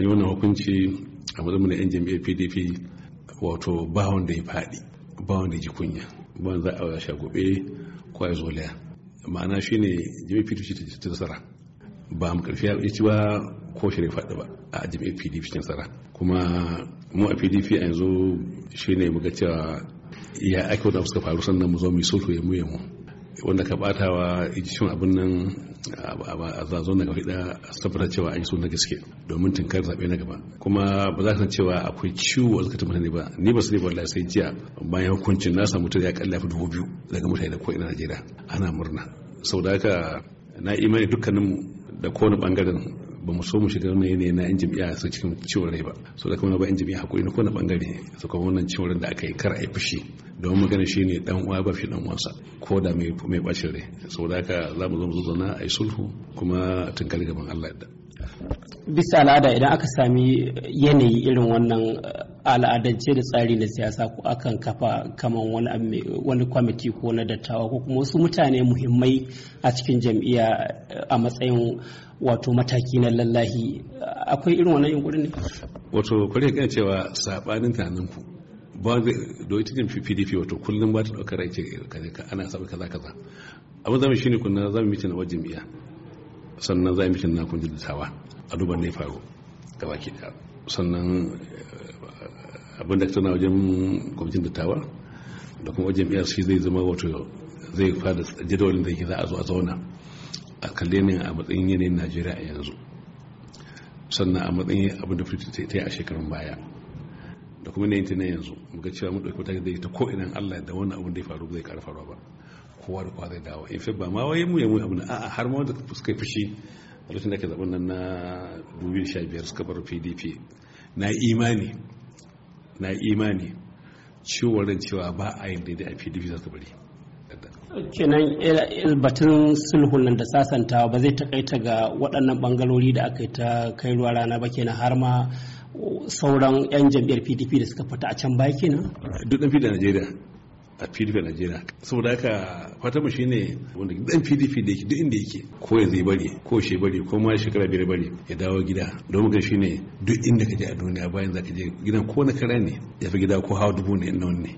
a yi wannan hukunci a matsayin na 'yan jami'ar pdp wato ba wanda ya faɗi ba wanda ya ji kunya ba za a sha gobe ko ya zolaya ma'ana shine jami'ar pdp ta nasara ba mu karfi ya ci ba ko shi faɗi ba a jami'ar pdp ta nasara kuma mu a pdp a yanzu shine muka cewa ya ake wanda suka faru sannan mu zo mu yi sulhu ya mu mu wanda ka batawa cin abin nan a zazon daga hida a tabbatar cewa an yi suna gaske domin tunkar zaɓe na gaba kuma ba za ka san cewa akwai ciwo a zakatun mutane ba ni ba su ne wallahi sai jiya bayan hukuncin na samu ya kalla fi dubu biyu daga mutane da ko ina Najeriya ana murna sau da haka na imani dukkaninmu da kowane bangaren ba mu so mu shiga wani yanayi na yan jami'a su cikin ciwon rai ba so da kuma ba yan jami'a hakuri na kowane bangare su kuma wannan ciwon da aka yi kar a yi fushi don magana shi ne dan uwa ba shi dan uwansa ko da mai mai bacin rai saboda haka za mu zo mu zauna a yi sulhu kuma tunkari gaban Allah yadda bisa al'ada idan aka sami yanayi irin wannan al'adance da tsari na siyasa ko akan kafa kaman wani, kwamiti ko na dattawa ko kuma wasu mutane muhimmai a cikin jam'iyya eh, a matsayin wato mataki na lallahi akwai irin wannan yunkuri ne wato kwari kan cewa sabanin tunanin ku ba zai doyi jin pdp wato kullum ba ta ɗaukar kare ce ana sabu kaza kaza abin zama shine kunna zama mitin na wajen jam'iyya sannan za mu mitin na kun dattawa a duban ne faru gaba ki sannan eh, abinda ka tana wajen kwamitin dattawa da kuma wajen erc zai zama wato zai fada jadawalin da yake za a zo a zauna a kalle ne a matsayin yanayin najeriya a yanzu sannan a matsayin abin da fito ta yi a shekarun baya da kuma yanayin ta na yanzu muka cewa mu ɗauki mataki da ita ko ina allah da wannan abin da ya faru zai kara faruwa ba kowa da kowa zai dawo in fi ba ma waye mu ya mu abin a'a har ma wanda suka fushi a lokacin da ake zaɓen nan na 2015 suka bar pdp na imani na imani ciwo ran cewa ba a yin daidai a pdp za su bari kenan batun sulhun nan da sasantawa ba zai takaita ga waɗannan bangarori da aka yi ta kai ruwa rana ba kenan har ma sauran 'yan jam'iyyar pdp da suka fita a can baya kenan duk najeriya a pdp a najeriya saboda haka fatanmu shine wanda dan pdp da yake duk inda yake ko ya zai bari ko shi bari ko ma shekara biyar bari ya dawo gida don shi shine duk inda ka je a duniya bayan za ka je gidan ko na kara ne ya fi gida ko hawa dubu ne nan ne